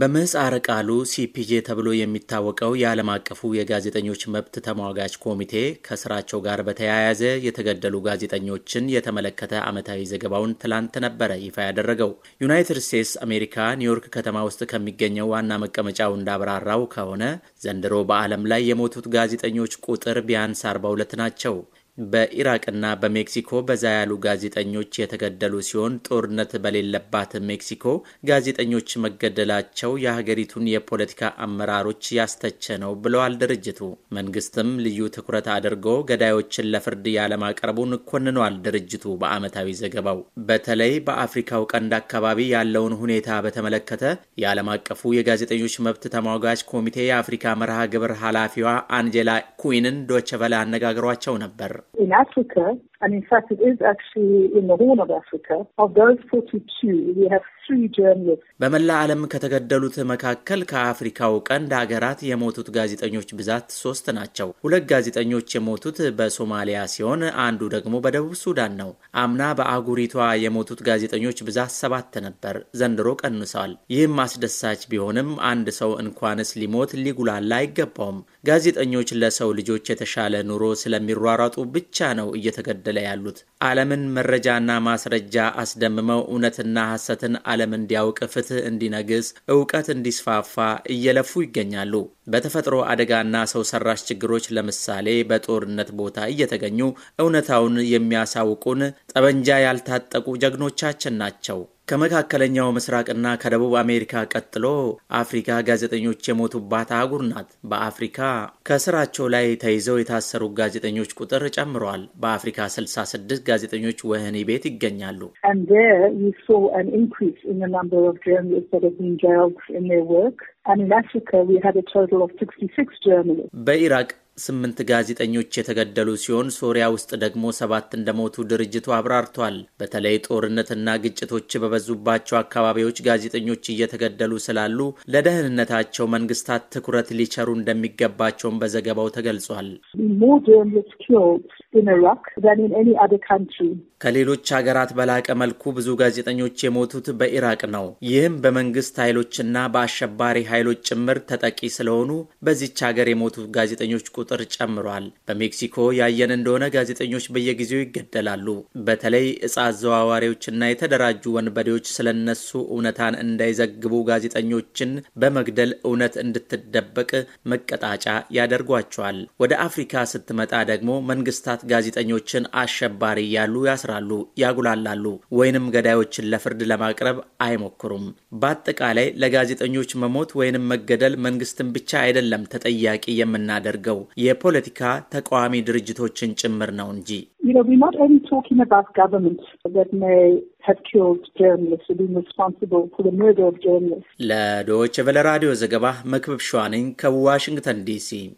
በምህጻረ ቃሉ ሲፒጄ ተብሎ የሚታወቀው የዓለም አቀፉ የጋዜጠኞች መብት ተሟጋች ኮሚቴ ከስራቸው ጋር በተያያዘ የተገደሉ ጋዜጠኞችን የተመለከተ ዓመታዊ ዘገባውን ትላንት ነበረ ይፋ ያደረገው። ዩናይትድ ስቴትስ አሜሪካ ኒውዮርክ ከተማ ውስጥ ከሚገኘው ዋና መቀመጫው እንዳብራራው ከሆነ ዘንድሮ በዓለም ላይ የሞቱት ጋዜጠኞች ቁጥር ቢያንስ 42 ናቸው። በኢራቅና በሜክሲኮ በዛ ያሉ ጋዜጠኞች የተገደሉ ሲሆን ጦርነት በሌለባት ሜክሲኮ ጋዜጠኞች መገደላቸው የሀገሪቱን የፖለቲካ አመራሮች ያስተቸ ነው ብለዋል ድርጅቱ። መንግስትም ልዩ ትኩረት አድርጎ ገዳዮችን ለፍርድ ያለማቅረቡን ኮንኗል ድርጅቱ በአመታዊ ዘገባው። በተለይ በአፍሪካው ቀንድ አካባቢ ያለውን ሁኔታ በተመለከተ የዓለም አቀፉ የጋዜጠኞች መብት ተሟጋች ኮሚቴ የአፍሪካ መርሃ ግብር ኃላፊዋ አንጀላ ኩዊንን ዶቸቨለ አነጋግሯቸው ነበር። in Africa And in fact, it is actually in the Horn of Africa. Of those 42, we have three journalists. በመላ ዓለም ከተገደሉት መካከል ከአፍሪካው ቀንድ ሀገራት የሞቱት ጋዜጠኞች ብዛት ሶስት ናቸው። ሁለት ጋዜጠኞች የሞቱት በሶማሊያ ሲሆን አንዱ ደግሞ በደቡብ ሱዳን ነው። አምና በአጉሪቷ የሞቱት ጋዜጠኞች ብዛት ሰባት ነበር፣ ዘንድሮ ቀንሰዋል። ይህም አስደሳች ቢሆንም አንድ ሰው እንኳንስ ሊሞት ሊጉላላ አይገባውም። ጋዜጠኞች ለሰው ልጆች የተሻለ ኑሮ ስለሚሯሯጡ ብቻ ነው እየተገደ እየተገደለ ያሉት። ዓለምን መረጃና ማስረጃ አስደምመው እውነትና ሐሰትን ዓለም እንዲያውቅ፣ ፍትህ እንዲነግስ፣ እውቀት እንዲስፋፋ እየለፉ ይገኛሉ። በተፈጥሮ አደጋና ሰው ሰራሽ ችግሮች ለምሳሌ በጦርነት ቦታ እየተገኙ እውነታውን የሚያሳውቁን ጠበንጃ ያልታጠቁ ጀግኖቻችን ናቸው። ከመካከለኛው ምስራቅና ከደቡብ አሜሪካ ቀጥሎ አፍሪካ ጋዜጠኞች የሞቱባት አህጉር ናት። በአፍሪካ ከስራቸው ላይ ተይዘው የታሰሩ ጋዜጠኞች ቁጥር ጨምረዋል። በአፍሪካ 66 ጋዜጠኞች ወህኒ ቤት ይገኛሉ። በኢራቅ ስምንት ጋዜጠኞች የተገደሉ ሲሆን ሶሪያ ውስጥ ደግሞ ሰባት እንደሞቱ ድርጅቱ አብራርቷል። በተለይ ጦርነትና ግጭቶች በበዙባቸው አካባቢዎች ጋዜጠኞች እየተገደሉ ስላሉ ለደህንነታቸው መንግስታት ትኩረት ሊቸሩ እንደሚገባቸውም በዘገባው ተገልጿል። ከሌሎች ሀገራት በላቀ መልኩ ብዙ ጋዜጠኞች የሞቱት በኢራቅ ነው። ይህም በመንግስት ኃይሎችና በአሸባሪ ኃይሎች ጭምር ተጠቂ ስለሆኑ በዚች ሀገር የሞቱ ጋዜጠኞች ቁጥር ቁጥር ጨምሯል። በሜክሲኮ ያየን እንደሆነ ጋዜጠኞች በየጊዜው ይገደላሉ። በተለይ እጽ አዘዋዋሪዎችና የተደራጁ ወንበዴዎች ስለነሱ እውነታን እንዳይዘግቡ ጋዜጠኞችን በመግደል እውነት እንድትደበቅ መቀጣጫ ያደርጓቸዋል። ወደ አፍሪካ ስትመጣ ደግሞ መንግስታት ጋዜጠኞችን አሸባሪ እያሉ ያስራሉ፣ ያጉላላሉ፣ ወይንም ገዳዮችን ለፍርድ ለማቅረብ አይሞክሩም። በአጠቃላይ ለጋዜጠኞች መሞት ወይንም መገደል መንግስትን ብቻ አይደለም ተጠያቂ የምናደርገው የፖለቲካ ተቃዋሚ ድርጅቶችን ጭምር ነው እንጂ። ለዶች ቨለ ራዲዮ ዘገባ መክብብ ሸዋነኝ ከዋሽንግተን ዲሲ